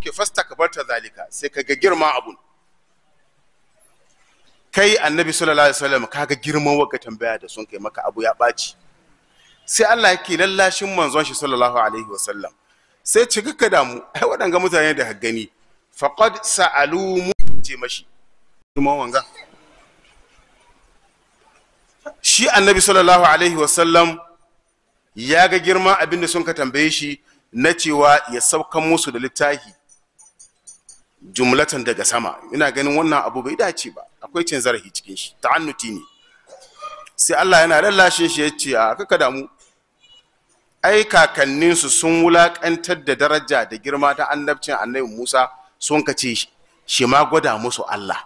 kuke fasta kabarta zalika sai ka ga girma abun kai annabi sallallahu alaihi wasallam kaga girman waka tambaya da sun kai maka abu ya baci sai Allah yake lallashin manzon shi sallallahu alaihi wasallam sai ci ka damu ai waɗanga mutane da haggani faqad sa'alu mu ce mashi kuma wanga shi annabi sallallahu alaihi wasallam ya ga girma abinda sun ka tambaye shi na cewa ya saukan musu da littafi jumlatan daga sama ina ganin wannan abu bai dace ba akwai cin zarafi cikin shi ta'annuti ne sai Allah yana lallashe shi yace a kaka damu ai kakannin su sun wulakantar da daraja da girma ta annabcin annabi Musa sun kace shi ma gwada musu Allah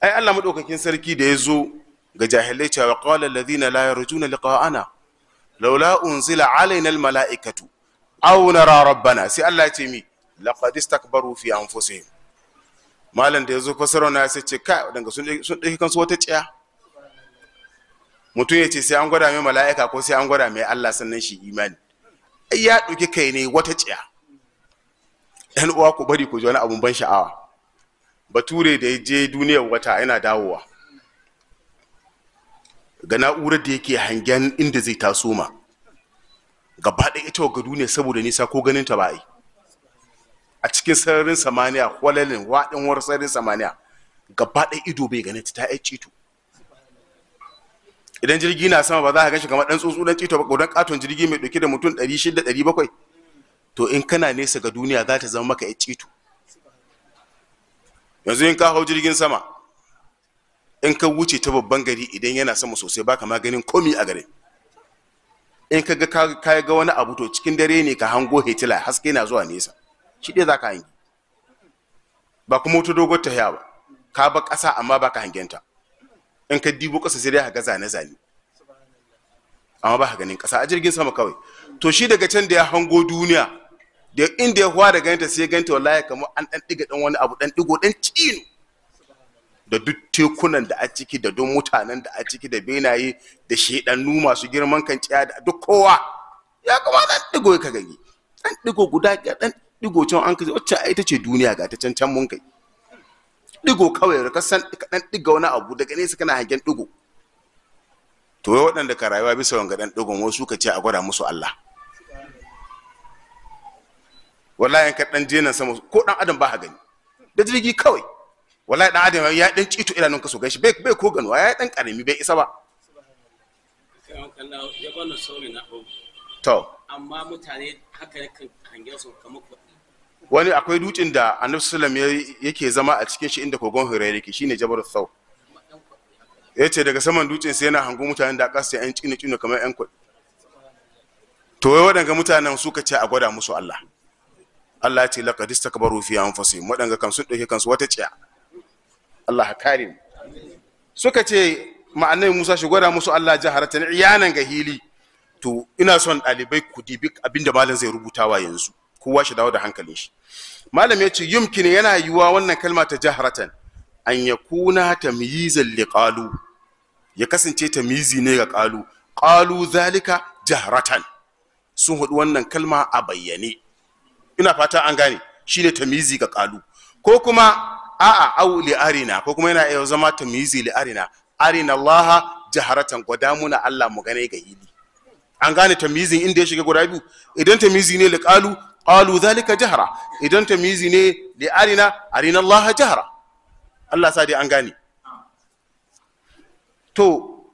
ai Allah madaukakin sarki da ya zo ga jahilai cewa qala alladhina la yarjuna liqa'ana laula unzila alaina almala'ikatu aw nara rabbana sai Allah ya ce mi laqad istakbaru fi anfusihim malam da yazo fasara na sai ce kai daga sun dake kansu wata mutum ya ce sai an gwada mai mala'ika ko sai an gwada mai Allah sannan shi imani ai ya ɗauki kai ne wata tsiya yan uwa ku bari ku ji wani abun ban sha'awa bature da ya je duniyar wata yana dawowa ga na'urar da yake hangen inda zai taso ma gaba ɗaya ita ga duniya saboda nisa ko ganin ta ba yi a cikin sararin samaniya kwalalin waɗin war sararin samaniya gaba ɗaya ido bai gane ta yi cito idan jirgi na sama ba za a gan shi kamar ɗan tsuntsu ɗan cito ba ƙaudan ƙaton jirgi mai ɗauke da mutum ɗari shida ɗari bakwai to in kana nesa ga duniya za ta zama maka ya cito yanzu in ka hau jirgin sama in ka wuce ta babban gari idan yana sama sosai baka maganin komi a gare. in ka ga wani abu to cikin dare ne ka hango hitila haske na zuwa nesa shiɗe za ka ba kuma wata dogon ta ba ka ba ƙasa amma ba ka hangenta in ka dibo ƙasa sai dai ka zane-zane amma ba ganin ƙasa a jirgin sama kawai to shi daga can da ya hango duniya da inda ya fara ganta sai ganta wallahi kamar an ɗan ɗiga ɗan wani abu ɗan ɗigo ɗan cino da duk tekunan da a ciki da duk mutanen da a ciki da benaye da shaɗannu masu girman kan da duk kowa ya ɗan ɗigo ka gani ɗan ɗigo guda ɗan digo can an kace wacce ita ce duniya ga ta can can mun kai digo kawai ka san ka dan diga wani abu daga nesa kana hangen digo to wai waɗanda ka rayuwa bisa wanga dan digon wasu ka ce a gwada musu Allah wallahi ka dan je nan sama ko dan adam ba ha gani da jirgi kawai wallahi dan adam ya dan cito idanun ka so gashi bai bai ko ganuwa ya dan karami bai isa ba to amma mutane haka kan hangen su kamar wani akwai dutsen da annabi sallam yake zama a cikin shi inda kogon hurairu yake shine jabar sau ya ce daga saman dutsen sai yana hango mutanen da kasa yan cina cina kamar yan kwaɗi to wai waɗanga mutanen suka ce a gwada musu Allah Allah ya ce laqad istakbaru fi anfusihim waɗanga kan sun ɗauke kansu wata ciya Allah ha kare mu suka ce ma'anai Musa shi gwada musu Allah jaharatan iyanan ga hili to ina son ɗalibai ku dibi abinda malam zai rubutawa yanzu kowa shi dawo da hankalin shi malam ya ce yumkin yana yiwuwa wannan kalma ta jaharatan an ya kuna ta li liƙalu. ya kasance ta mizi ne ga ƙalu. Ƙalu zalika jaharatan sun hudu wannan kalma a bayyane ina fata an gane ta mizi ga ƙalu. ko kuma a'a au li ko kuma yana iya zama ta li arina arina laha jaharatan gwada muna Allah mu gane ga hili an gane tamizin inda ya shiga guda biyu idan tamizi ne liƙalu. qalu zalika jahra idan tamyizi ne li arina arina Allah jahra Allah sa dai an gane to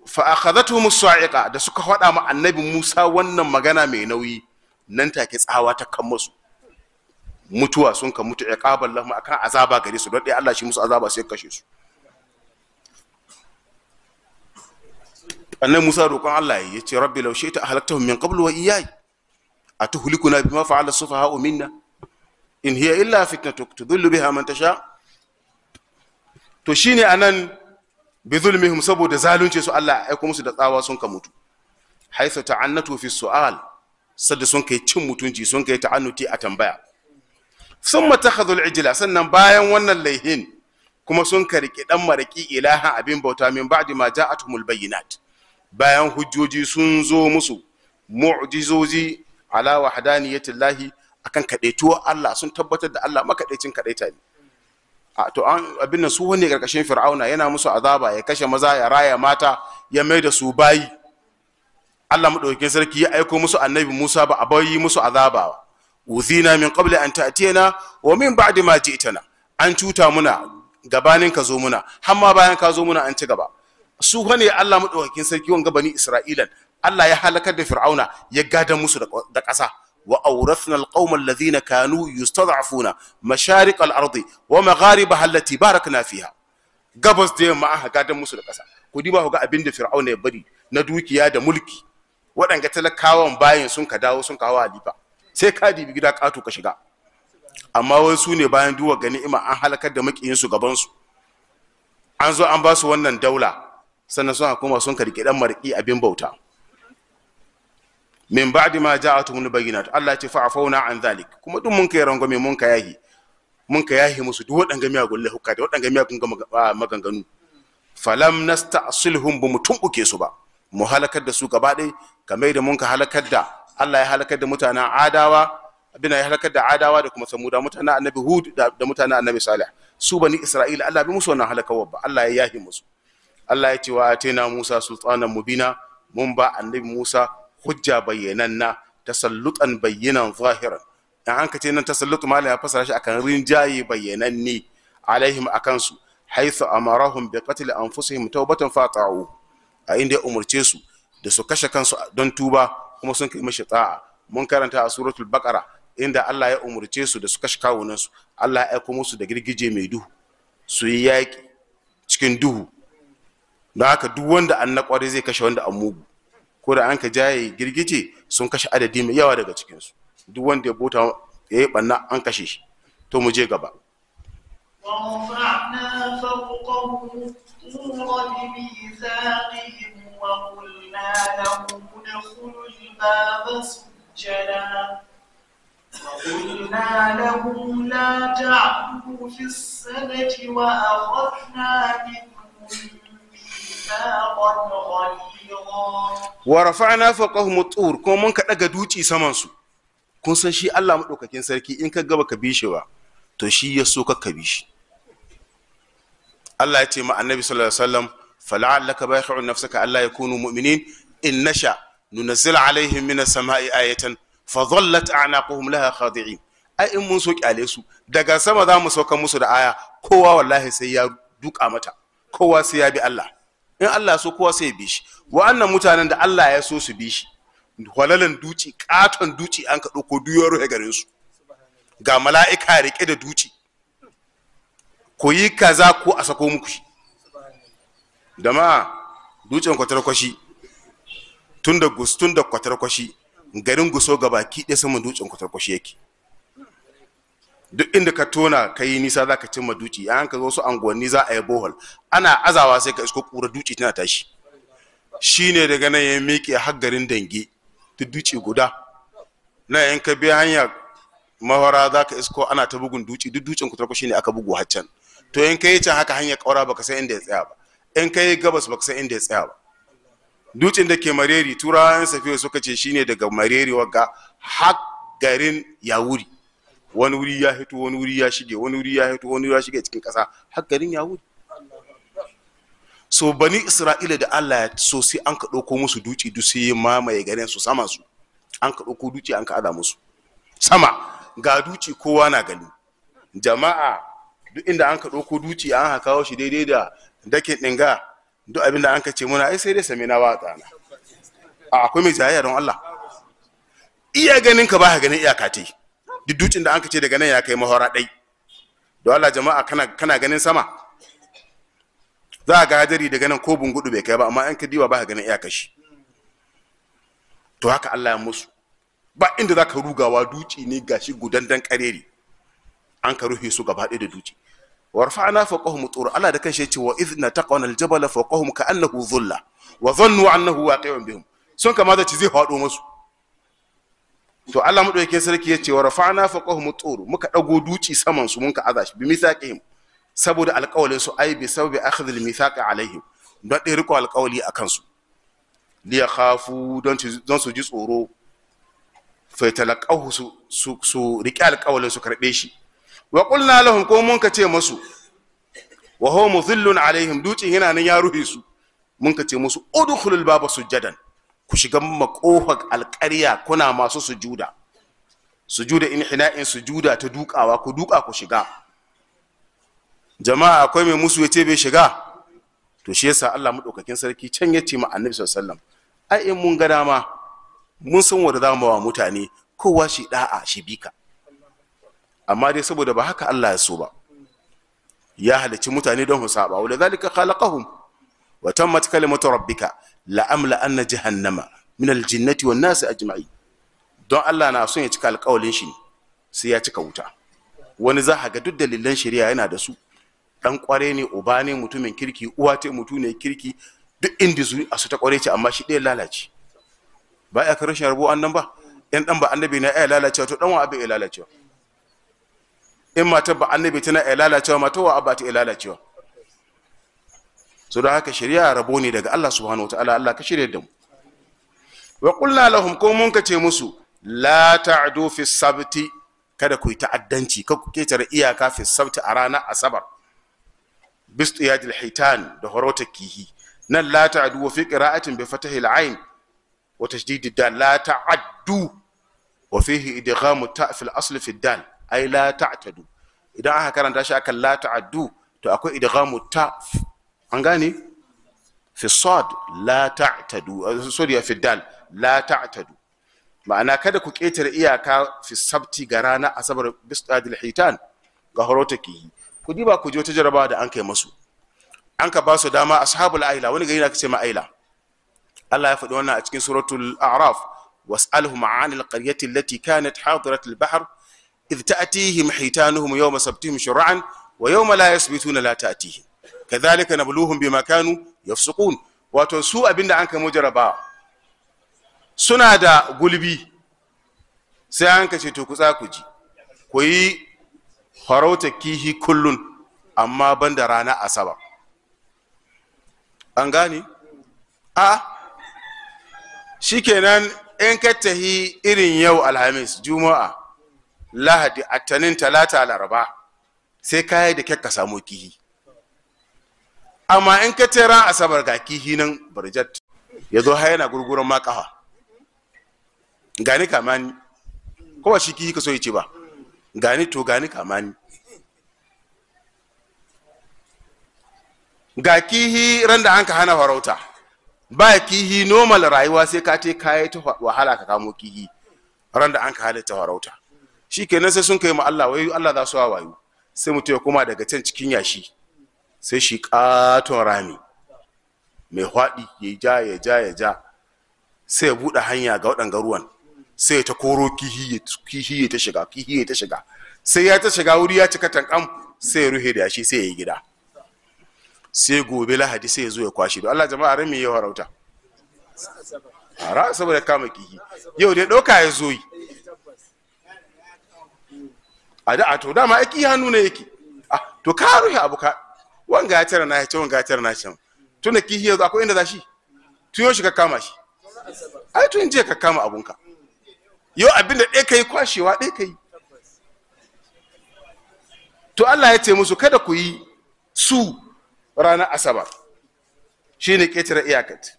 fa akhadathum as-sa'iqa da suka haɗa ma annabi Musa wannan magana mai nauyi nan take tsawa ta kan musu mutuwa sun ka mutu iqabal lahum akan azaba gare su don dai Allah shi musu azaba sai kashe su annabi Musa roƙon Allah ya ce rabbi law shi'ta ahlaktahum min qablu wa iyyai atuhlikuna bima fa'ala sufaha'u minna in hiya illa fitnatuk tudhillu biha man tasha to shine anan bi zulmihim saboda zalunci su Allah ya aiko musu da tsawa sun ka mutu haisa ta'annatu fi su'al sadda sun kai cin mutunci sun kai ta'annuti a tambaya sun matakhadhu al-ijla sannan bayan wannan laihin kuma sun karki dan maraki ilahan abin bauta min ba'di ma ja'atuhumul bayyinat bayan hujjoji sun zo musu mu'jizoji ala llahi akan kadaituwa Allah sun tabbatar da Allah makadaicin kadaita ne a to an abin nan su wani karkashin fir'auna yana musu azaba ya kashe maza ya raya mata ya mai da su bayi Allah madaukakin sarki ya aiko musu annabi Musa ba a bayi musu azaba ba uzina min qabli an ta'tiyana wa min ba'di ma ji'tana an cuta muna gabanin ka zo muna har ma bayan ka zo muna an ci gaba su ne Allah madaukakin sarki wanga bani Isra'ilan Allah ya halakar da fir'auna ya gada musu da ƙasa wa awrathna alqawma alladhina kanu yustad'afuna mashariq al-ardi wa ba allati barakna fiha gabas da yamma aka gada musu da ƙasa ku diba ku ga abin da fir'auna ya bari na dukiya da mulki waɗanga talakawan bayan sun ka dawo sun kawo halifa sai ka dibi gida ƙato ka shiga amma wai su ne bayan duwa ga ni'ima an halakar da makiyinsu gabansu an zo an ba su wannan daula sannan sun koma sun karki dan marƙi abin bauta min ba'di ma ja'atuhum bayyinat Allah ce fa afauna an zalik kuma duk mun kai rango mai mun ka yahi mun ka yahi musu duk waɗanga gulle hukka da waɗanga ga maganganu falam nasta'silhum bi mu tumbuke su ba mu halakar da su gaba ɗaya kamar da mun ka halakar da Allah ya halakar da mutanen adawa abin ya halakar da adawa da kuma samuda mutanen annabi hud da mutanen annabi salih su bani isra'ila Allah bi musu wannan halakawar ba Allah ya yahi musu Allah ya ce wa atina musa sultanan mubina mun ba annabi musa hujja bayyananna tasallutan bayyanan zahiran in an ka ce nan tasallutu malam ya fasara shi akan rinjaye bayyananne alaihim akan su haitsu amarahum bi qatl anfusihim tawbatan fata'u a inda ya umarce su da su kashe kansu don tuba kuma sun kai mashi ta'a mun karanta a suratul baqara inda Allah ya umarce su da su kashe kawunan su Allah ya aiko musu da girgije mai duhu su yi yaƙi cikin duhu don haka duk wanda an na zai kashe wanda an mugu ko da an ka jaye girgije sun kashe adadi mai yawa daga cikinsu duk wanda ya bota ya yi banna an kashe shi to mu je gaba وقلنا له ادخل الباب سجدا وقلنا لهم لا تعدوا في السنة وأخذنا منهم ميثاقا غليظا wa rafa'na faqahum tur kuma mun ka daga duci saman su kun san shi Allah madaukakin sarki in ka gaba ka bi ba to shi ya so ka ka bi Allah ya ce ma annabi sallallahu alaihi wasallam fala'allaka bayhu nafsaka Allah yakunu mu'minin in nasha nunzil alaihim as sama'i ayatan dhallat a'naquhum laha khadi'in ai in mun so kyale su daga sama za mu sauka musu da aya kowa wallahi sai ya duka mata kowa sai ya bi Allah in Allah so kowa sai ya bi shi wa'annan mutanen da Allah ya so su bi shi walalan duci katon duci an ka ko duyar ruhe gare su ga mala'ika rike da duci ko yi kaza ko a sako muku shi da ma dutsen kwatarkwashi tun da gus da kwatarkwashi garin guso ga baki ɗaya saman dutsen kwatarkwashi yake duk inda ka tona ka yi nisa za ka cimma duci yayin ka zo su anguwanni za a yi bohol ana azawa sai ka isko kura duci tana tashi shine daga nan ya miƙe a dange duk duci guda na yanka ka biya hanya mahara za ka isko ana ta bugun duci duk ducin kutarko shine aka bugu haccan to in ka yi can haka hanya ƙaura baka san inda ya tsaya ba in ka yi gabas baka san inda ya tsaya ba Ducin da ke mareri turawan safiya suka ce shine daga mareri wagga hagarin yawuri wani wuri ya hito wani wuri ya shige wani wuri ya hito wani wuri ya shige cikin ƙasa har garin ya wuce so bani isra'ila da allah ya so sai an ka ɗauko musu duci duk sai mamaye garin su sama su an ka ɗauko duci an ka ada musu sama ga duci kowa na gani jama'a duk inda an ka ɗauko duci an haka kawo shi daidai da dakin ɗinga duk abin da an ka ce muna ai sai dai sami na ba tsana a akwai mai jayayya don allah iya ganin ka ba ka ganin iyaka te duk dutsen da ka ce daga nan ya kai mahora ɗai don Allah jama'a kana kana ganin sama za ga hadari daga nan ko bungudu bai kai ba amma an ka diwa ba ka ganin iyakar kashi. to haka Allah ya musu ba inda za ka rugawa duci ne gashi gudandan kareri an ka rufe su gaba ɗaya da duci warfa'na mu tur Allah da kanshi yace wa idna taqawna mu ka ka'annahu dhulla wa dhannu annahu waqi'un bihim sun kama da ci zai faɗo musu to Allah madaukakin sarki yace wa rafa'na faqahum tur muka dago duci saman su mun ka azashi bi mithaqihim saboda alƙawalin su ai bi sababi akhdh al mithaq alaihim don ɗaya riko alƙawali a kansu liya don su ji tsoro faitalakahu su su riƙe alƙawalin su karɓe shi wa qulna lahum ko mun ka ce masu wa huwa mudhillun alaihim duci yana nan ya rufe su mun ka ce musu udkhulul baba sujjadan ku shiga makohar alkarya kuna masu sujuda sujuda in in sujuda ta dukawa ku duka ku shiga jama'a akwai mai musu yace bai shiga to shi yasa Allah madaukakin sarki can yace ma annabi sallallahu alaihi wasallam ai in mun ga dama mun san wanda za mu wa mutane kowa shi da'a shi bika amma dai saboda ba haka Allah ya so ba ya halicci mutane don husaba wa lidhalika khalaqahum wa tammat kalimatu rabbika la'amla anna jahannama min aljinnati wan nasi ajma'i don Allah na son ya cika alƙawalin shi sai ya cika wuta wani za ga duk dalilan shari'a yana da su dan kware ne uba ne mutumin kirki uwa ce mutu ne kirki duk inda su a su ta kware ce amma shi ɗaya lalace ba ya rashin rabo annan ba yan dan ba annabi na ya lalacewa to dan wa abin ya lalacewa in matar ba annabi tana ya lalacewa mata wa abba ta ya lalacewa so da haka shari'a rabo ne daga Allah subhanahu wataala Allah ka shirya da mu wa qulna lahum ko mun ka ce musu la ta'du fi sabti kada ku yi ta'addanci ka ku ketare iyaka fi sabti a ranar asabar bistu ya yadil hitan da horota kihi nan la ta'du wa fi qira'atin bi fatahil ain wa tashdidid dal la ta'addu wa fihi idghamu ta fi al-asl fi dal ay la ta'tadu idan aka karanta shi akan la ta'addu to akwai idghamu ta an gane fi sod la ta'tadu uh, sorry fi dal la ta'tadu ma'ana kada ku ketare iyaka fi sabti ga rana asabar bistadil uh, hitan ga horotakihi ku diba ku je wata jarabawa da an kai masu an ka ba su dama ashabul aila wani gari na kace ma Allah ya faɗi wannan a cikin suratul a'raf was'alhum 'anil qaryati allati kanat hadiratul bahr idh ta'tihim hitanuhum yawma sabtihim shur'an wa yawma la yasbituna la ta'tihim kadhalika nabluhum bima kanu yafsukun wato su abinda an kai jarabawa suna da gulbi sai an kace to ku ku ji ku yi farauta kihi kullun amma ban rana asaba an gane a shikenan in ka irin yau alhamis juma'a lahadi attanin talata laraba sai kayi da kyakka samu kihi amma in ka ce ran asabar ga hinan barjat ya zo haina gurguran makawa. gani kamani kowa shi kihi ka so ce ba gani to gani kamani ga kihi ran da an ka hana farauta ba kihi normal rayuwa sai ka te kaya ta wahala ka kamo kihi ran da an ka ta farauta shi kenan sai sun kai mu Allah wai Allah za su wayo sai mutum ya koma daga can cikin yashi sai shi katon rami mai haɗi ya ja ya ja ya ja sai ya buɗe hanya ga waɗanga ruwan sai ya ta koro kihi ya ta shiga kihi ya ta shiga sai ya ta shiga wuri ya cika tankam sai ya ruhe da shi sai ya yi gida sai gobe lahadi sai ya zo ya kwashi don Allah jama'a rami ya harauta a saboda kama kihi yau dai ɗauka ya zo yi a da a to dama aiki hannu nuna yake ah, to ka ruhe abu ka wanga ya tara na ya ce wanga ya tara na ya tun da kihiyar zuwa akwai inda za shi tun yau shi ka kama shi yi tun jiya ka kama abunka yau abinda ɗaya ka yi kwashewa ɗaya ka yi to Allah ya ce musu kada ku yi su ranar Shi shine ƙetare iyakat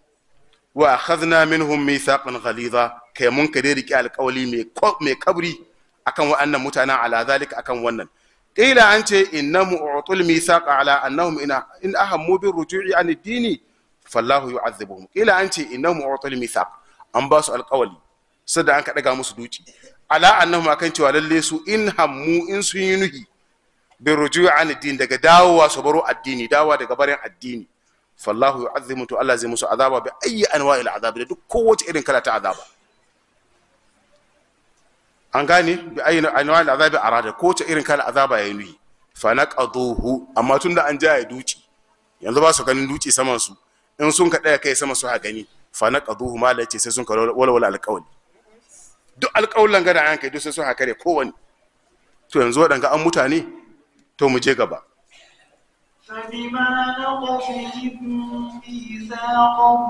wa akhadna minhum mithaqan ghaliza kai mun ka dai riƙe alƙawali mai kabri akan wa'annan mutanen ala zalika akan wannan qila an ce inna mu'tul mithaqa ala annahum ina in ahammu bir ruju'i an ad-dini fallahu yu'adhibuhum qila an ce inna mu'tul mithaq an ba su alƙawali sada an ka daga musu duci ala annahum akan cewa lalle su in hammu in sun yi nuhi bin ruju'i an ad-din daga dawowa su baro addini dawowa daga barin addini fallahu yu'adhibu to Allah zai musu azaba bi ayyi anwa'il azabi da duk kowace irin kala ta azaba an gane bi ayi anwa da azabi arada ko ta irin kala azaba ya nuhi fa naqaduhu amma tun da an ja ya duci yanzu ba su ganin duci saman su in sun ka daya kai sama su ha gani fa naqaduhu ma la sai sun ka walwala alqawli duk alqawlan gada an kai duk sai sun ha kare kowani to yanzu wadanga an mutane to mu je gaba فبما نقضهم ميثاقهم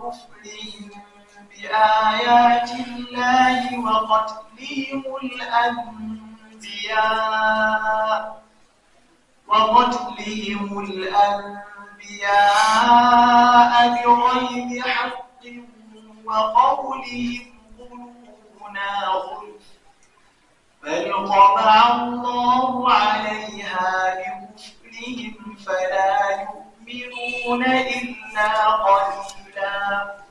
وكفرهم بآيات الله وقتلهم الأنبياء وقتلهم الأنبياء بغير حق وقولهم قلوبنا غلف بل طبع الله عليها بكفرهم فلا يؤمنون إلا قليلاً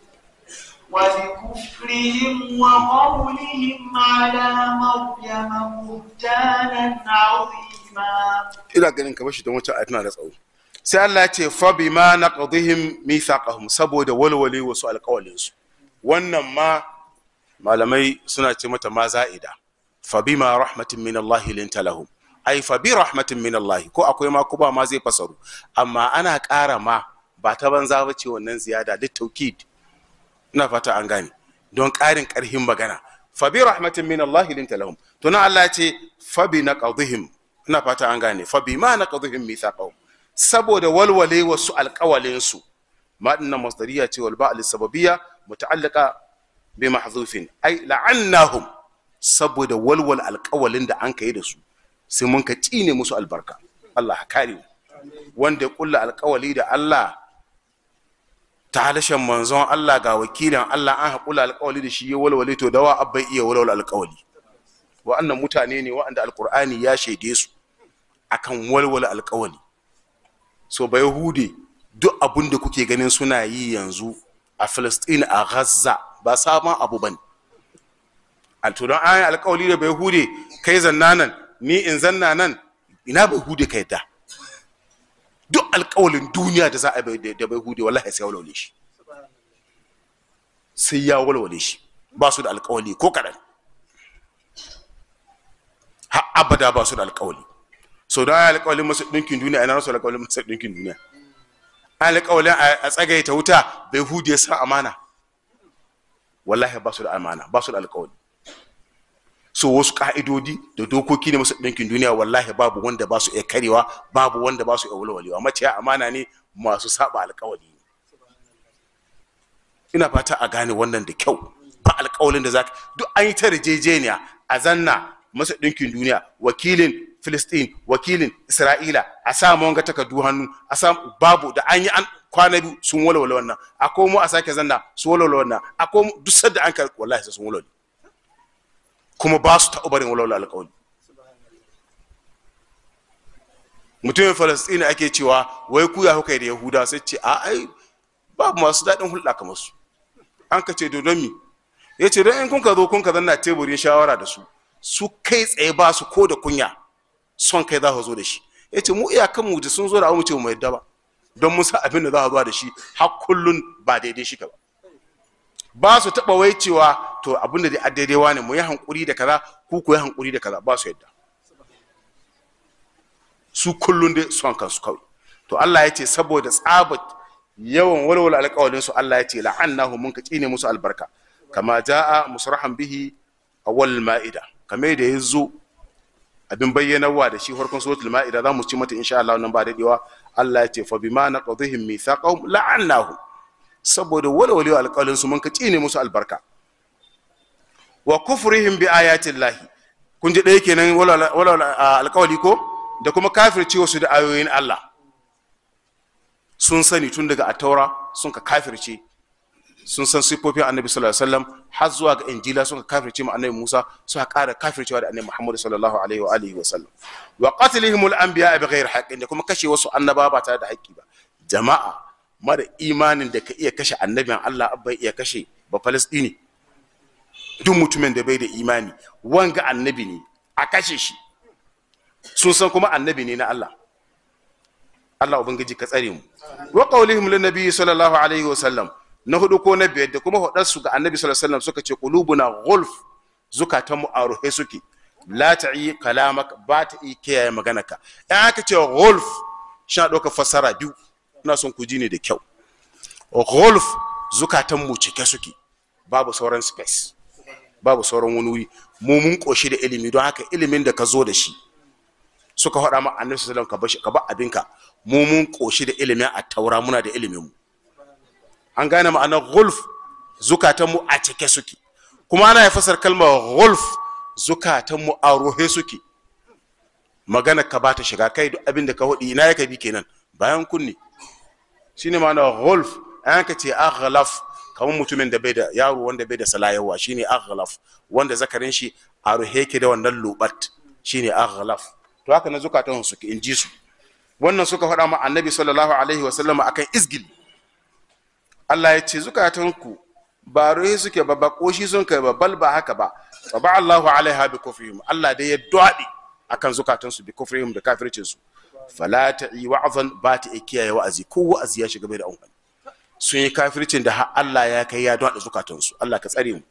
ولكفرهم وقولهم على مريم بهتانا عظيما ina ganin ka don wacce ayatuna da tsawo sai Allah ce fa bima naqdihim mithaqahum saboda walwali wasu alƙawalin su wannan ma malamai suna ce mata ma za'ida fa bima rahmatin min Allah linta ai Fabi bi rahmatin min Allah ko akwai ma kuba ma zai fasaru amma ana ƙara ma ba ta banza ba ce wannan ziyada littaukid ina fata an gane don ƙarin ƙarhin magana Fabi bi rahmatin min Allah linta lahum to Allah ce fa bi naqadhihim ina fata an gane fa bi ma naqadhihim mithaqahum saboda walwale wasu alƙawalin su ma dinna masdariya ce wal ba'l sababiyya muta'alliqa bi mahdhufin ai la'annahum saboda walwal alƙawalin da an kai da su sai mun ka tsine musu albarka Allah ka wanda ya kulla alƙawali da Allah ta halashen manzon Allah ga wakilin Allah an haƙula alƙawali da shi ya walwale to dawa bai iya walwala alƙawali wa'annan mutane ne wa'anda alƙur'ani ya shaide su akan walwala alƙawali so bai hude duk abun da kuke ganin suna yi yanzu a Filistin a Gaza ba sabon abu bane to don ayan alƙawali da bai hude kai zanna nan ni in zanna nan ina bai hude ka yadda. duk alƙawalin duniya da za a bai da bai hude wallahi sai ya walwale shi sai ya walwale shi ba su da alƙawali ko kaɗan ha abada ba su da alƙawali so da alƙawalin masu ɗinkin duniya ina rasu alƙawalin masu ɗinkin duniya alƙawalin a tsagaita wuta bai hude sa amana wallahi ba su da amana ba su da alƙawali so wasu ka'idodi da dokoki ne masu ɗinkin duniya wallahi babu wanda ba su iya karewa babu wanda ba su iya walwalewa mace amana ne masu saba alkawali ne ina fata a gane wannan da kyau ba alkawalin da za ka duk an yi ta rajejeniya a zanna masu ɗinkin duniya wakilin filistin wakilin isra'ila a sa wanga takardu hannu a sa babu da an yi an kwana biyu sun walwala wannan a komo a sake zanna su walwala wannan a komo duk sadda an ka wallahi sun walwala kuma ba su taɓa barin walawala alƙawari. mutumin falastina ake cewa wai ku ya hukai da yahuda sai ce a ai babu masu daɗin hulɗa kamar su an ka ce dodon mi ya ce don in kun ka zo kun ka zanna teburin shawara da su su kai tsaye ba su ko da kunya son kai za ka zo da shi ya ce mu iyakan mu sun zo da mu ce mu yadda ba don musa abin da za a zo da shi har kullun ba daidai shi ka ba ba su taba wai cewa to abinda dai daidai wane mu yi hankuri da kaza ku ku yi hankuri da kaza ba su yadda su kullun dai son kansu kawai to Allah ya ce saboda tsabat yawan walwal alƙawalin su Allah ya ce la'annahu mun ka tsine musu albarka kama jaa musrahan bihi awwal ma'ida kame da yanzu abin bayyanarwa da shi farkon suratul ma'ida za mu ci mata insha Allah nan ba dadewa Allah ya ce fa bima naqdhihim mithaqahum la'annahum saboda walwalewa alƙalin su mun ka tsine musu albarka wa kufrihim bi ayatin lahi kun ji ɗaya kenan walwala alƙawali ko da kuma kafircewa su da ayoyin Allah sun sani tun daga ataura sun ka kafirce sun san siffofin annabi sallallahu alaihi wasallam har zuwa ga injila sun ka kafirce ma annabi Musa suka ƙara kafircewa da annabi Muhammadu sallallahu alaihi wa alihi wa sallam wa qatlihim al-anbiya bi ghairi haqqin da kuma kashe wasu annaba ba tare da haƙƙi ba jama'a mara imanin da ka iya kashe annabin Allah bai iya kashe ba Falastini duk mutumin da bai da imani wanga annabi ne a kashe shi sun san kuma annabi ne na Allah Allah ubangiji ka tsare mu wa qaulihim lin nabi sallallahu alaihi wa sallam na hudu ko na biyar da kuma hudar su ga annabi sallallahu alaihi wa sallam suka ce qulubuna ghulf zukatan mu aruhe suke la ta'i kalamak ba ta'i kiyaye maganaka ya aka ce ghulf sha doka fasara biyu kuna son ku ji ne da kyau golf zukatan mu cike suke babu sauran space babu sauran wani wuri mu mun koshi da ilimi don haka ilimin da ka zo da shi suka faɗa ma annabi sallallahu alaihi wasallam ka bar abinka mu mun koshi da ilimi a taura muna da ilimin mu an gane ma'anar golf zukatan mu a cike suke kuma ana fasar kalmar golf zukatan mu a rohe suke magana ka ba ta shiga kai duk abin da ka hudi ina ya bi kenan bayan kunni shine ma'ana gulf an ka ce aghlaf kamar mutumin da bai da yaro wanda bai da salayawa shine aghlaf wanda zakarin shi a ruhe ke da wannan lubat shine aghlaf to haka na zukatan su in ji su wannan suka faɗa ma annabi sallallahu alaihi wa sallam akan izgil Allah ya ce zukatanku ba ruhe suke ba ba koshi sun kai ba bal ba haka ba ba Allahu alaiha bi kufrihim Allah dai ya dwabi akan su bi kufrihim da kafircin su fala ta Yi wa'azan ba ta kiyaye wa'azi ko wa'azi ya shiga bai da amfani sun yi kafircin da Allah ya kai ya daɗa zukatansu Allah ka tsare mu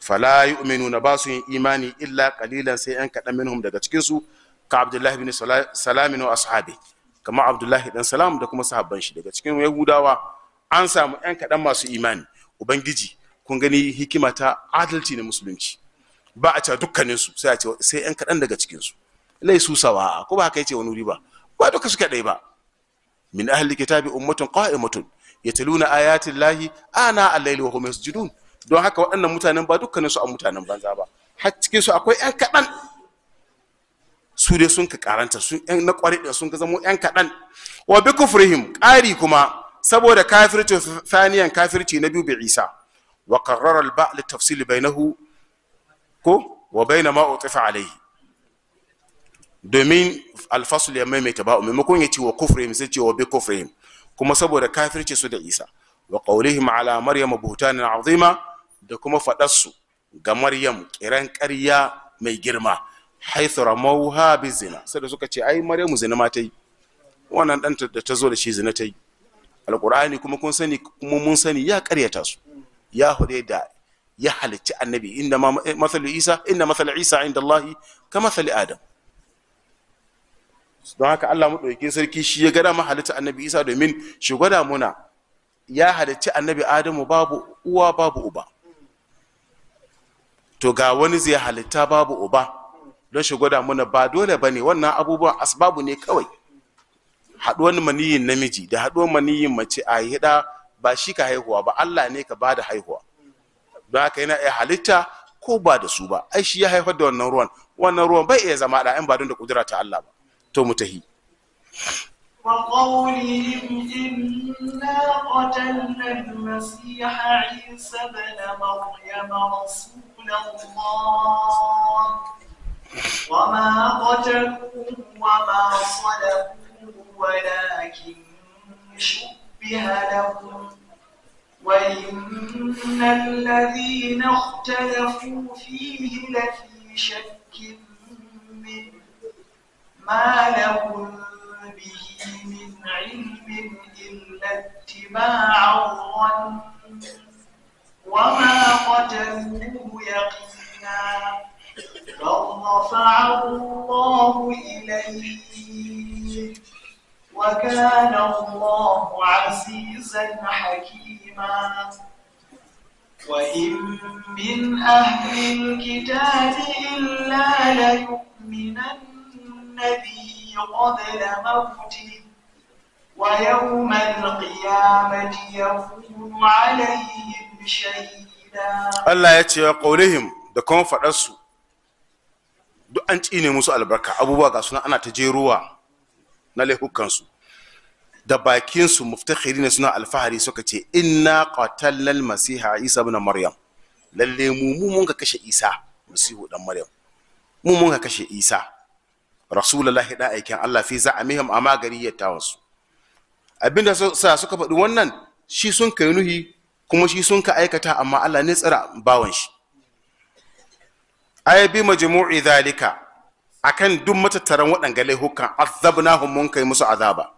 fala yu'minuna ba su yin imani illa qalilan sai yan kaɗan minhum daga cikin su ka Abdullahi bin Salamin wa ashabi kama Abdullahi dan Salam da kuma sahabban shi daga cikin Yahudawa an samu yan kaɗan masu imani ubangiji kun gani hikima ta adalci ne musulunci ba a ce dukkaninsu sai a ce sai yan kaɗan daga cikinsu laisu sawa ko ba haka yace wani riba ba duka suka ɗai ba min ahli kitabi ummatun qa'imatun yatluna ayati llahi ana al-layli wa hum yasjudun don haka waɗannan mutanen ba dukkanin su a mutanen banza ba har cikin su akwai ƴan kaɗan su dai sun ka karanta sun ƴan na ƙware da sun ka zamo ƴan kaɗan wa bi kufrihim ƙari kuma saboda kafirci thaniyan kafirci na biyu bi isa wa qarrara al-ba'l tafsil bainahu ko wa bainama utifa alayhi domin alfasul ya maimaita ba maimakon ya ce wa kufrihim sai ce wa bi kufrihim kuma saboda kafirce su da isa wa qawlihim ala maryam buhtanan azima da kuma fadar su ga maryam kiran ƙarya mai girma haythu bi zina, sai da suka ce ai maryam zina ma ta yi wannan dan da ta zo da shi zina ta yi alqur'ani kuma kun sani kuma mun sani ya ƙaryata su ya hude da ya halicci annabi inda masalu eh, isa inda masalu isa inda allahi ka masalu adam don haka Allah maɗauki sarki shi ya gada halitta annabi isa domin shi gwada muna ya halitta annabi adamu babu uwa babu uba to ga wani zai halitta babu uba don shi gwada muna ba dole ba ne wannan abubuwan asbabu ne kawai haɗuwan maniyin namiji da haɗuwan maniyin mace a hida ba shi ka haihuwa ba Allah ne ka bada haihuwa don haka yana iya halitta ko ba da su ba ai shi ya haifar da wannan ruwan wannan ruwan bai iya zama da ba don da kudura ta Allah ba to وقولهم إنا قتلنا المسيح عيسى بن مريم رسول الله وما قتلوه وما صلبوه ولكن شبه لهم وإن الذين اختلفوا فيه لفي شك منه ما لهم به من علم إلا اتباع الظن وما قتلوه يقينا بل رفعه الله إليه وكان الله عزيزا حكيما وإن من أهل الكتاب إلا ليؤمنن Allah قبل موته ويوم القيامة يكون عليهم شهيدا الله يتي قولهم da kuma faɗarsu duk an tsine musu albarka abubuwa ga suna ana ta jeruwa na laifukansu da bakinsu muftakhiri ne suna alfahari suka ce inna qatalnal masiha isa ibn maryam lalle mu mun ka kashe isa masihu dan maryam mu mun ka kashe isa rasulullahi da aikin Allah fi mihim amma gari ya wasu abinda sa suka faɗi wannan shi sun kai nuhi kuma shi sun ka aikata amma Allah ne tsira bawan shi ay bi majmu'i zalika akan duk matattaran waɗanga hukkan azabnahum mun kai musu azaba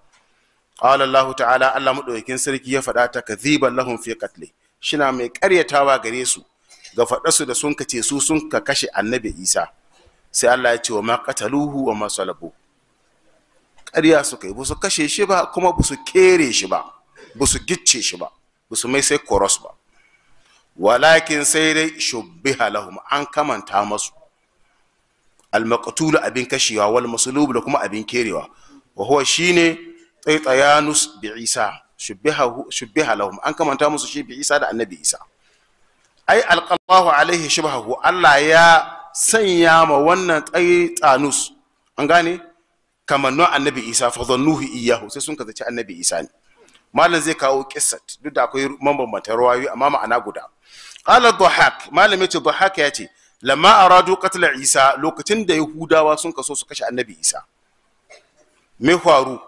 qala Allah ta'ala Allah madaukakin sarki ya faɗa ta kadhiban lahum fi qatli shina mai ƙaryatawa gare su ga faɗa su da sun kace su sun ka kashe annabi Isa sai Allah ya ce wa ma qataluhu wa ma salabu ƙarya suka yi ba su kashe shi ba kuma ba su kere shi ba ba su gicce shi ba ba su mai sai koros ba walakin sai dai shubbiha lahum an kamanta masu almaqtulu abin kashewa wal maslub da kuma abin kerewa wa huwa shine tsaitsayanus bi isa shubbiha lahum an kamanta musu shi bi isa da annabi isa ai alqallahu alaihi shubhahu Allah ya sanya ma wannan tsaye tsanus an gane kamannin annabi isa fa iyahu sai sun kazaci annabi isa ne malam zai kawo kissat duk da akwai mabambantan rawayoyi amma ma'ana guda qala dhahak malam yace ya ce. lamma aradu qatla isa lokacin da yahudawa sun kaso su kashe annabi isa me faru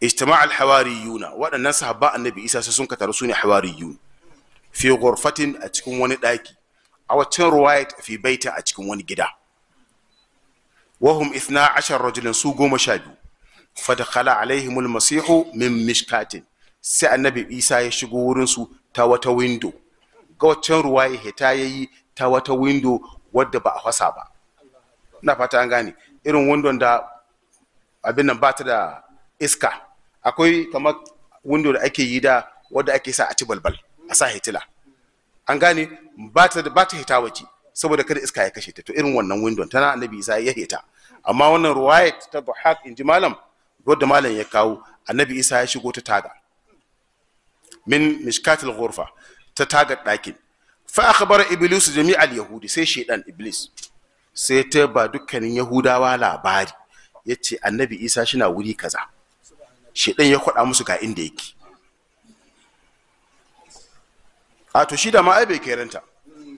ijtama al hawariyuna waɗannan sahabba annabi isa sai sun katara su ne hawariyun fi ghurfatin a cikin wani ɗaki a waccan ruwayat fi baita a cikin wani gida wahum ithna ashar rajulin su goma sha biyu fadakhala alaihimul masihu min mishkatin sai annabi isa ya shigo wurinsu ta wata windo ga waccan ruwaya hita ya yi ta wata windo wadda ba a fasa ba na fata an gane irin window da abin nan ba ta da iska akwai kamar windo da ake yi da wadda ake sa a ci balbal a sa hitila an gane ba ta hita waje saboda kada iska ya kashe ta to irin wannan windon tana annabi isa ya hita amma wannan ruwayat ta buhak inji malam wadda malam ya kawo annabi isa ya shigo ta taga min mishkatil ghurfa ta taga dakin fa akhbara iblis jami'al yahudi sai shaidan iblis sai ta ba dukkanin yahudawa labari yace annabi isa shina wuri kaza shaidan ya kwaɗa musu ga inda yake a to shi da ma ai bai keranta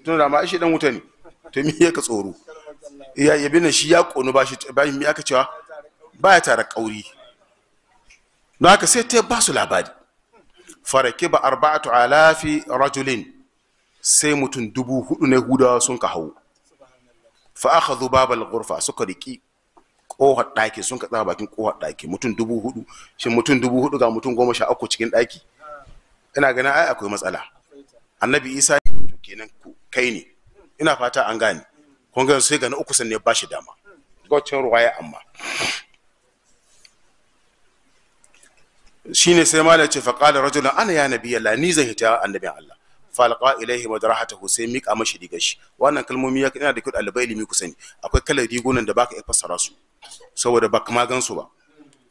tun da ma shi dan wuta ne to me yake ka tsoro ya yabi na shi ya kono ba shi ba mi aka cewa ba ya tara kauri na ka sai ta ba su labari farake ba arba'atu alafi rajulin sai mutum dubu hudu ne hudawa sun ka hau fa aka zo babal gurfa suka riki kohar ɗaki sun ka tsaba bakin kohar ɗaki mutum dubu hudu shi mutum dubu hudu ga mutum goma sha uku cikin ɗaki ina ganin ai akwai matsala annabi isa kenan kai ne ina fata an gane kun sai ga na uku sanne ba shi dama gocin ruwaya amma shine sai malai ce fa qala rajulun ana ya nabiyya la ni zai hita annabin Allah fa alqa ilaihi madrahatahu sai mika mashi riga shi wannan kalmomi ya ina da kyau dalibai limi ku sani akwai kalar rigunan da baka ifassara fassara su saboda baka ma gan su ba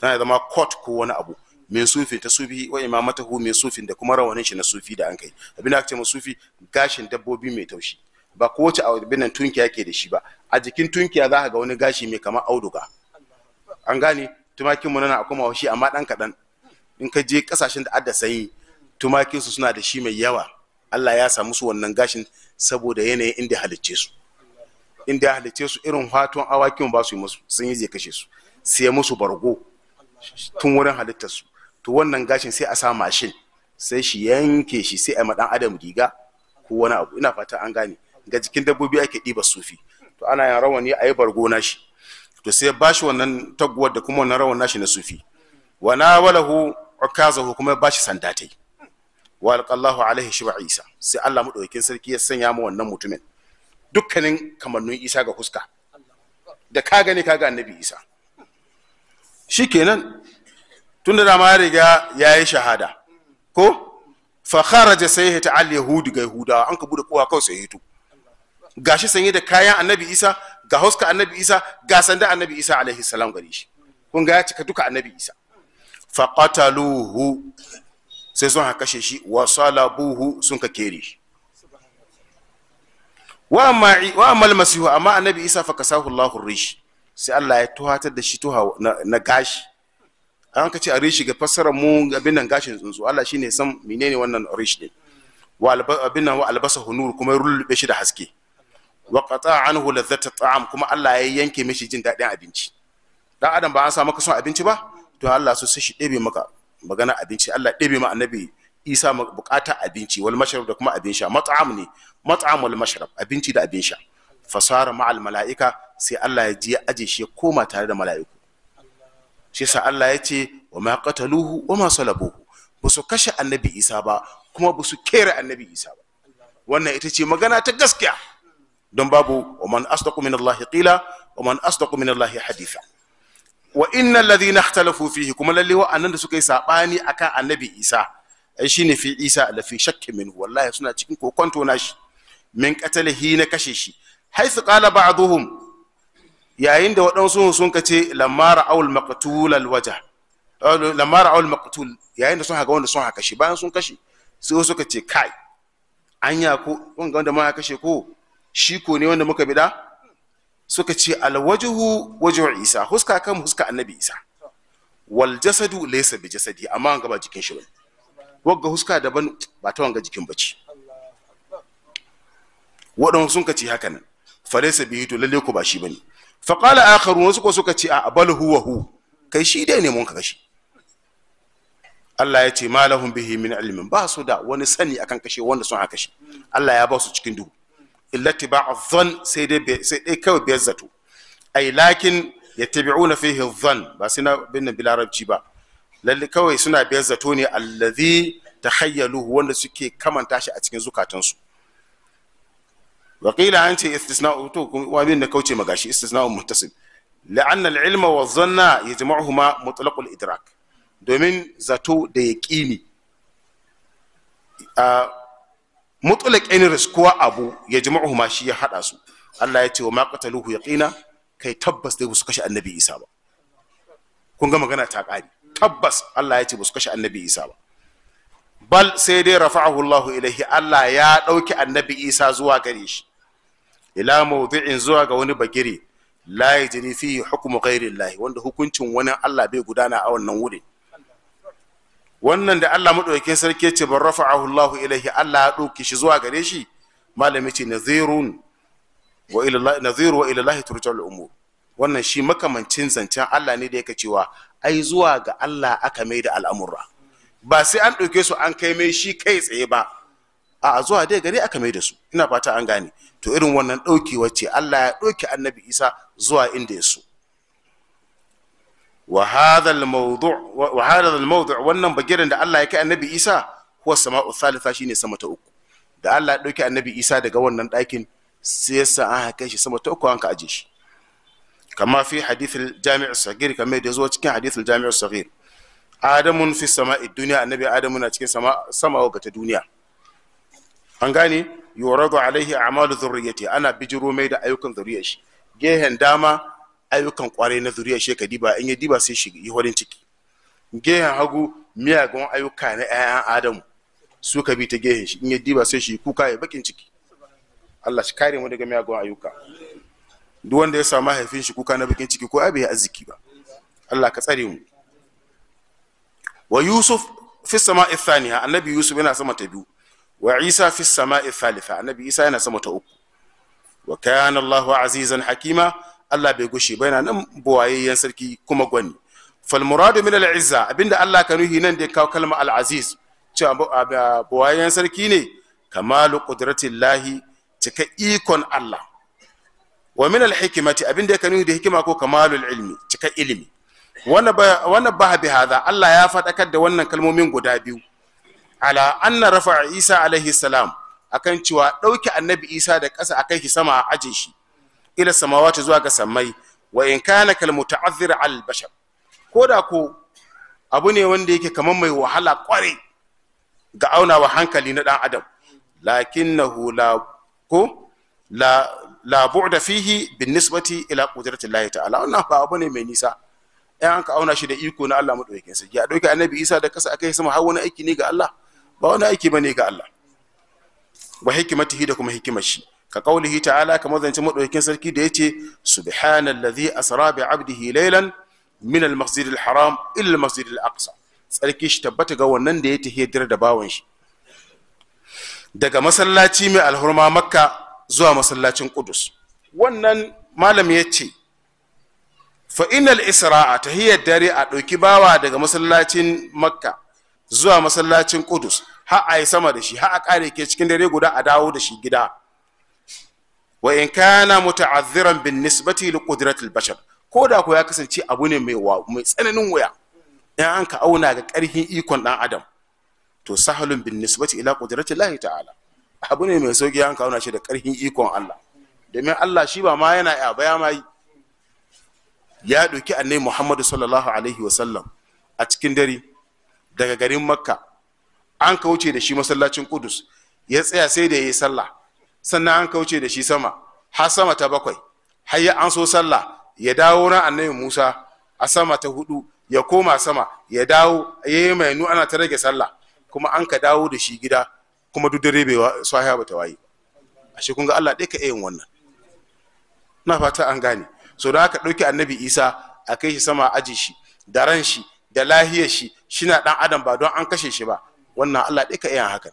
tana zama court ko wani abu mai sufi ta sufi wa imamatahu mai sufin da kuma rawanin shi na sufi da an kai abin da ake ma sufi gashin dabbobi mai taushi ba kowace abin nan tunkiya ke da shi ba a jikin tunkiya za ka ga wani gashi mai kamar auduga an gane tumakin mu a akwai shi amma dan kaɗan in ka je kasashen da adda sanyi tumakin su suna da shi mai yawa Allah ya samu su wannan gashin saboda yanayin inda halicce su inda ya halicce su irin hatun awakin ba su yi musu sun yi zai kashe su sai musu bargo tun wurin halittarsu. to wannan gashin sai a sa mashin sai shi yanke shi sai a ma dan adam riga ko wani abu ina fata an gane ga jikin dabbobi ake ɗiba sufi to ana yin rawani a yi bargo shi. to sai ba shi wannan taguwar da kuma wannan rawan nashi na sufi wa na walahu ukazahu kuma ba shi sandatai wa alqallahu alaihi shiba isa sai Allah mu daukin sarki ya sanya mu wannan mutumin dukkanin kamannin isa ga huska da ka gani ka ga annabi isa shikenan tun da dama ya riga ya yi shahada ko fahara kharaja sai ya ta'al ga yahudawa an ka bude kowa kawai sai hito shi sanye da kayan annabi isa ga huska annabi isa ga sanda annabi isa alaihi salam gari shi kun ga ya cika duka annabi isa fa sai sun haƙashe shi wa salabuhu sun ka kere shi wa amma wa amma amma annabi isa fa kasahu Allahu rish sai Allah ya tuhatar da shi tuha na gashi an ka ce arish ga fassarar mu abin nan gashin tsuntsu Allah shine san menene wannan arish ne. wa abin nan wa albasa hunur kuma rulube shi da haske wa qata anhu ladzata ta'am kuma Allah ya yanke mishi jin dadin abinci dan adam ba an sa maka son abinci ba to Allah so sai shi ɗebe maka magana abinci Allah ɗebe ma annabi Isa bukata abinci wal mashrab da kuma abin sha mat'am ne mat'am wal mashrab abinci da abin sha fasara ma'al mala'ika sai Allah ya je aje shi ya koma tare da mala'iku shi yasa Allah ya ce wa ma qataluhu wa ma salabuhu ba su kashe annabi Isa ba kuma ba su kera annabi Isa ba wannan ita ce magana ta gaskiya don babu wa man asdaqu min Allah qila wa man asdaqu min Allah haditha wa innal ladhina ikhtalafu fihi kuma lalle anan da suka yi sabani akan annabi Isa ai shine fi Isa la fi shakkin minhu wallahi suna cikin kokonto na min qatalihi na kashe shi haythu qala ba'dhum yayin da waɗansu sun ka ce lamara awul maqtul alwaja lamara awul maqtul yayin da sun haka wanda sun haka shi bayan sun kashe sai suka ce kai anya ko wanga wanda ma kashe ko shi ko ne wanda muka bida suka ce alwajhu wajhu isa huska kan huska annabi isa wal jasadu laysa bi jasadi amma an gaba jikin shi bane wagga huska daban ba ta wanga jikin bace waɗansu sun ka ce haka nan falaisa bihi lalle ko ba shi bane faƙala a wasu ko suka ce a bal huwa hu kai shi dai ne mun ka kashe Allah ya ce malahum bihi min ilmin ba su da wani sani akan kashe wanda sun haka shi Allah ya ba su cikin duhu illati ba'a dhann sai dai sai dai kawai biyar zato ai lakin yattabi'una fihi dhann ba su na bin bilarabci ba lalle kawai suna biyar zato ne allazi hayyalu wanda suke kamanta shi a cikin zukatansu wa qila an ce istisna'u to kuma wabin da kauce ma gashi istisna'u muttasil la'anna al-ilma wa dhanna yajma'uhuma mutlaqul idrak domin zato da yaqini a mutlaq in riskuwa abu yajma'uhuma shi ya haɗa su Allah ya ce wa ma qataluhu yaqina kai tabbas dai su kashe annabi Isa ba kun ga magana ta kare tabbas Allah ya ce ba su kashe annabi Isa ba bal sai dai rafa'ahu Allah ilaihi Allah ya dauki annabi Isa zuwa gare shi ila mawdi'in zuwa ga wani bagire la yajri fihi hukmu ghayrillahi wanda hukuncin wani Allah bai gudana a wannan wurin wannan da Allah madaukakin sarki ce bar rafa'ahu Allahu ilaihi Allah ya dauke shi zuwa gare shi malami ce nazirun wa ila naziru wa ila Allah umur wannan shi makamancin zancen Allah ne da yake cewa ai zuwa ga Allah aka mai da al'amura. ba sai an ɗauke su an kai mai shi kai tsaye ba a zuwa dai gari aka mai da su ina fata an gane to irin wannan ɗaukewa ce Allah ya ɗauki annabi Isa zuwa inda ya so wa hada al wannan bagiran da Allah ya kai annabi Isa huwa sama'u thalitha shine sama ta uku da Allah ya ɗauki annabi Isa daga wannan ɗakin sai ya sa an haka shi sama ta uku an ka aje shi kama fi hadithul jami'u sagir kama da ya zo cikin hadithul jami'u sagir adamun fi sama'i duniya annabi Adamu na cikin sama sama ta duniya an gane yuradu alaihi a'malu zurriyyati ana bijiro mai da ayyukan zuriyar shi gehen dama ayyukan kware na zuriyar shi ka diba in ya diba sai shi yi horin ciki gehen hagu miyagun ayyuka na 'ya'yan adamu su ka bi ta gehen shi in ya diba sai shi kuka ya bakin ciki Allah shi kare mu daga miyagun ayyuka duk wanda ya samu haifin shi kuka na bakin ciki ko abai arziki ba Allah ka tsare mu wa Yusuf fi sama'i thaniya annabi Yusuf yana sama ta biyu wa isa fi sama'i thalitha annabi isa yana sama ta uku wa kana allah azizan hakima allah bai gushe ba yana nan buwayayyen sarki kuma gwani fal muradu min al izza abinda allah ka nuhi nan da ya kalma al aziz cewa buwayayyen sarki ne kamalu qudratillahi cika ikon allah wa min al hikmati abinda ya ka nuhi da hikima ko kamalul ilmi cika ilimi wannan ba bi hada allah ya faɗakar da wannan kalmomin guda biyu ala anna rafa isa alaihi salam akan cewa ɗauki annabi isa da ƙasa a kai shi sama a aje shi ila samawati zuwa ga sammai wa in kana kal muta'azzir al bashar ko da ko abu ne wanda yake kamar mai wahala kware ga aunawa hankali na dan adam lakinnahu la ko la la bu'da fihi bin nisbati ila qudrati Allah ta'ala wannan ba abu ne mai nisa ɗan an ka auna shi da iko na Allah madaukakin sarki a ɗauki annabi Isa da kasa akai sama har wani aiki ne ga Allah ba wani aiki ne ga Allah wa hikimatihi da kuma hikimar shi ka kaulihi ta'ala ka mazanci madaukakin sarki da yace subhanallazi asra bi abdihi laylan min al-masjid al-haram ila al-masjid al-aqsa sarki shi tabbata ga wannan da ya tahiyar da bawan shi daga masallaci mai alhurma makka zuwa masallacin kudus wannan malam ya ce fa innal isra'a tahiyar dare a ɗauki bawa daga masallacin makka zuwa masallacin ƙudus, har a yi sama da shi har a kare ke cikin dare guda a dawo da shi gida wa in kana muta'azziran bin nisbati li qudratil bashar ko da ko ya kasance abu ne mai mai tsananin waya in an ka auna ga karhin ikon dan adam to sahalun bin nisbati ila qudratil lahi ta'ala abu ne mai sauki an ka auna shi da karhin ikon Allah domin Allah shi ba ma yana ya baya ma ya doki annabi Muhammadu sallallahu alaihi wa sallam a cikin dare daga garin makka an ka wuce da shi masallacin kudus ya tsaya sai da ya yi sallah sannan an ka wuce da shi sama har sama ta bakwai har ya an so sallah ya dawo ran annabi musa a sama ta hudu ya koma sama ya dawo ya yi mai ana ta rage sallah kuma an ka dawo da shi gida kuma duk dare bai sahiya ba ta waye ashe kun ga Allah ɗaya ka yin wannan na fata an gane so da aka ɗauki annabi isa a kai shi sama aji shi da ran shi da lahiyar shi shina dan adam ba don an kashe shi ba wannan Allah ɗaya ka iya hakan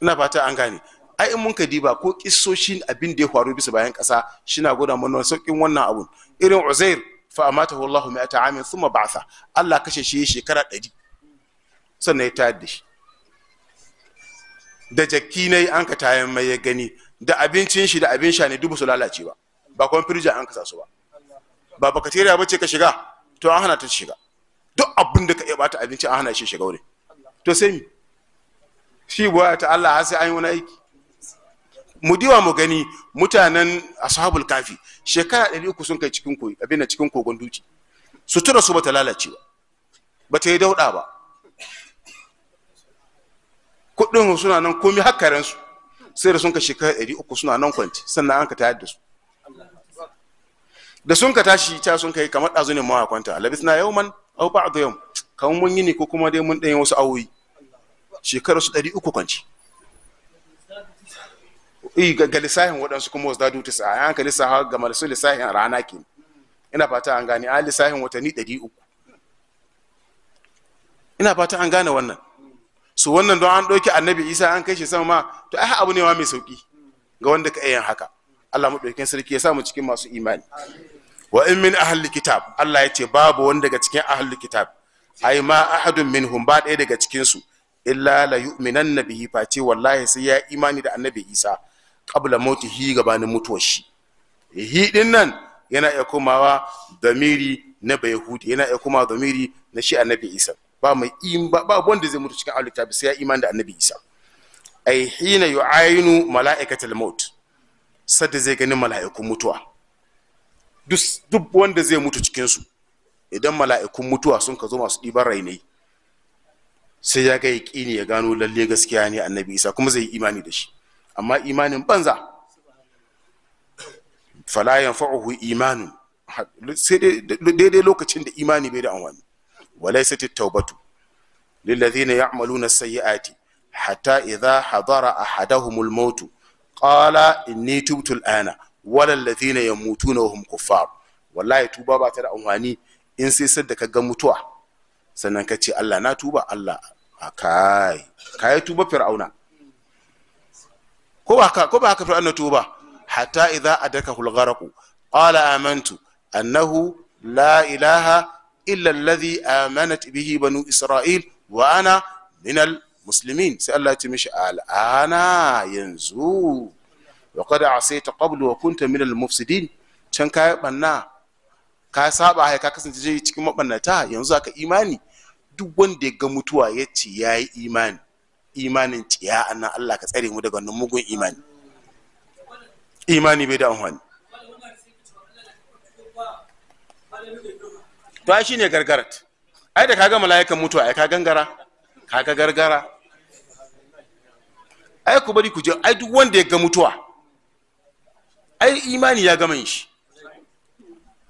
ina fata an gane ai in mun ka diba ko kissoshin abin da ya faru bisa bayan ƙasa shina gwada mana saukin wannan abun irin Uzair fa amatahu Allahu mi'ata amin suma ba'asa. Allah kashe shi shekara 100 sannan ya tayar da shi da jakki na yi an ka tayan mai ya gani da abincin shi da abin sha ne dubu su lalace ba ba kuma firji an kasa su ba ba bakatiriya ba ce ka shiga to an hana ta shiga duk abin da ka iya bata abinci an hana shi shiga wuri to sai mi shi buwa ta Allah har sai an yi wani aiki mu diwa mu gani mutanen ashabul kafi shekara ɗari uku sun kai cikin koyi abin da cikin kogon duci tura su bata lalace ba bata yi dauɗa ba kuɗin suna nan komai hakkaran su sai da sun ka shekara ɗari uku suna nan kwanci sannan an ka tayar da su da sun ka tashi ta sun kai kamar dazunin mawa kwanta labisna man au ba'd yawm kamar mun yi ne ko kuma dai mun yi wasu awoyi shekaru 300 ɗari uku kwanci eh ga lissahin waɗansu kuma wasu dadu tisa a yanka lissaha ga malisu lissahin rana ke ina fata an gane a lissahin watanni ɗari uku ina fata an gane wannan su wannan don an ɗauki annabi isa an kai shi sama ma to ai abu ne wa mai sauƙi ga wanda ka yin haka Allah madaukakin sarki ya sa mu cikin masu imani wa in min ahli kitab Allah ya ce babu wani daga cikin ahli kitab ai ma ahadun minhum ba ɗaya daga cikin su illa la yu'minan nabihi face wallahi sai ya imani da annabi Isa qabla mautihi gabanin mutuwar shi hi din nan yana iya komawa damiri na hudu yana iya komawa damiri na shi annabi Isa ba mai ba ba wanda zai mutu cikin ahli kitab sai ya imani da annabi Isa ai hina yu'ayinu mala'ikatul maut sadda zai gani mala'ikun mutuwa duk wanda zai mutu cikinsu idan mala'ikun mutuwa sun ka zo masu ɗiban ne sai ya gaya ya ƙini ya gano lalle gaskiya ne annabi isa kuma zai yi imani da shi amma imanin banza falayen fa’uhu imanun sai daidai lokacin da imani bai da amfani walaysat at-taubatu yamalu ya'maluna sayyiati hatta idha hadara ahaduhumul mautu qala inni tubtu al'ana wala alladhina yamutuna wa hum kuffar wallahi tuba ba ta da amfani in sai sadda ka ga mutuwa sannan ka ce Allah na tuba Allah kai kai tuba fir'auna ko ba ka ko ba haka fir'auna tuba hatta idza adaka al-gharq qala amantu annahu la ilaha illa alladhi amanat bihi banu isra'il wa ana min al muslimin sai Allah ya ce mishi al'ana yanzu wa qad asaita qablu wa kunta min al-mufsidin can ka banna ka saba hai ka kasance cikin mabannata yanzu aka imani duk wanda ya ga mutuwa ya ce ya yi imani imanin ciya annan Allah ka tsare mu daga wannan mugun imani imani bai da amfani to ai shine gargarat ai da kaga mala'ikan mutuwa ai ka gangara kaga gargara ai ku bari ku je ai duk wanda ya ga mutuwa ai imani ya gama shi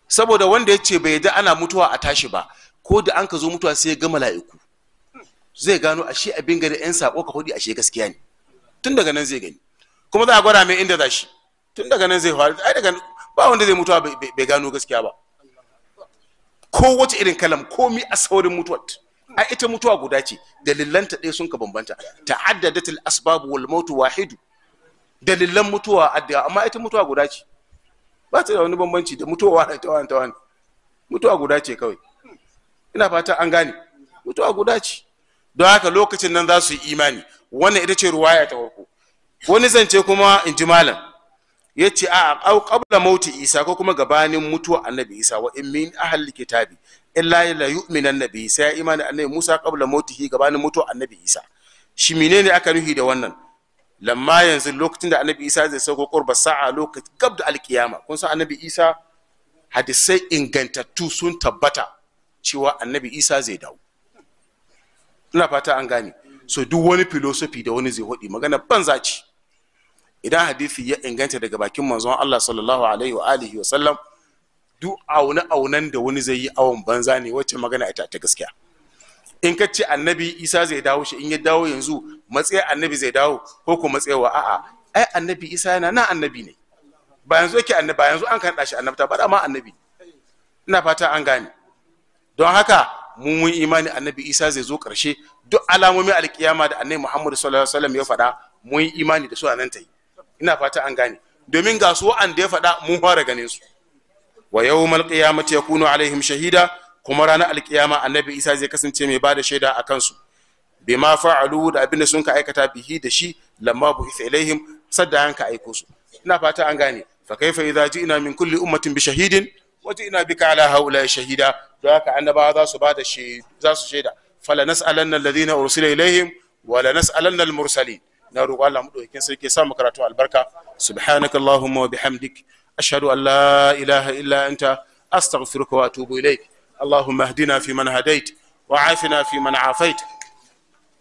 saboda wanda ya ce bai da ana mutuwa a tashi ba ko da an ka zo mutuwa sai ya ga mala'iku zai gano ashe abin gari yan sako ka hudi ashe gaskiya ne tun daga nan zai gani kuma za a gwada mai inda za shi tun daga nan zai faru ai daga ba wanda zai mutuwa bai gano gaskiya ba ko wace irin kalam komi a saurin mutuwar ai ita mutuwa guda ce dalilanta ɗaya sun ka bambanta til asbabu wal mautu wahidu dalilan mutuwa addu'a amma ita mutuwa guda ce ba ta da wani bambanci da mutuwa wani ta wani ta wani mutuwa guda ce kawai ina fata an gane mutuwa guda ce don haka lokacin nan za su yi imani wannan ita ce ruwaya ta farko wani zance kuma in ji malam ya ce a ƙabla qabla mauti isa ko kuma gabanin mutuwa annabi isa wa in min ahli kitabi illa la yu'minan annabi sai ya imani annabi Musa qabla mautihi gabanin mutu annabi Isa shi menene aka nuhi da wannan lamma yanzu lokacin da annabi Isa zai sauko qurba sa'a lokacin gab alkiyama kun san annabi Isa hadisai ingantattu sun tabbata cewa annabi Isa zai dawo ina fata an gane so duk wani philosophy da wani zai hodi magana banza ce idan hadisi ya inganta daga bakin manzon Allah sallallahu alaihi wa alihi wa sallam duk aune aunen da wani zai yi awon banza ne wacce magana ita ta gaskiya in ka ce annabi isa zai dawo shi in ya dawo yanzu matsayin annabi zai dawo ko ko wa a'a ai annabi isa yana na annabi ne ba yanzu yake annabi ba yanzu an karɗa shi ta ba ma annabi ina fata an gane don haka mun mun imani annabi isa zai zo ƙarshe duk alamomin alkiyama da annabi muhammadu sallallahu alaihi wasallam ya faɗa mun imani da su a nan ta yi ina fata an gane domin ga su wa'anda ya faɗa mun fara ganin su wa yauman yawmal ya yakunu alaihim shahida kuma ranar alkiyama annabi isa zai kasance mai ba da shaida a kansu bima fa'alu da abinda sun ka aikata bihi da shi lamma buhitha ilaihim sadda an ka aiko su ina fata an gane fa kaifa idza ji'na min kulli ummatin bi shahidin wa ji'na bika ala haula shahida don haka annabawa za su shaida Falanas nas'alanna alladhina ursila ilaihim wa la nas'alanna al na roƙo Allah mu dauke sarki sa mu karatu albarka subhanakallahumma wa bihamdik أشهد أن لا إله إلا أنت أستغفرك وأتوب إليك اللهم اهدنا فيمن هديت وعافنا فيمن عافيت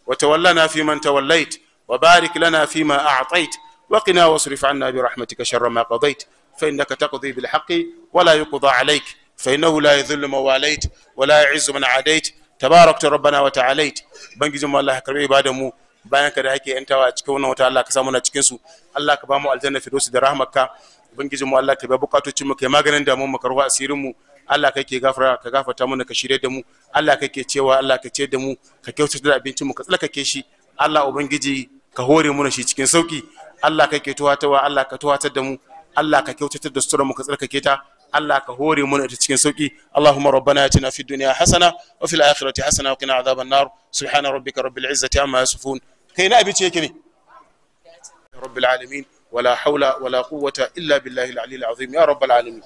وتولنا فيمن توليت وبارك لنا فيما أعطيت وقنا واصرف عنا برحمتك شر ما قضيت فإنك تقضي بالحق ولا يقضى عليك فإنه لا يذل من واليت ولا يعز من عاديت تباركت ربنا وتعاليت جمع الله كريم بعدمو bayan ka انت ake yantawa a cikin wannan كبامو الجنة ka samu na ubangijin mu Allah ka biya bukatocin mu kai maganin damu mu karwa asirin mu Allah kai ke gafara ka gafarta mana ka shirye da mu Allah kai ke cewa Allah ka ce da mu ka kyautata da abincin mu ka tsallakake shi Allah ubangiji ka hore mu shi cikin sauki Allah kai ke tuwatawa Allah ka tuwatar da mu Allah ka kyautata da sutura mu ka tsarkake ta Allah ka hore mu ita cikin sauki Allahumma rabbana atina fid dunya hasana wa fil akhirati hasana wa qina adhaban nar subhana rabbika rabbil izzati amma yasifun kai na abinci yake ne rabbil alamin wala haula wala quwwata illa billahi al-aliyyil azim ya rabbal alamin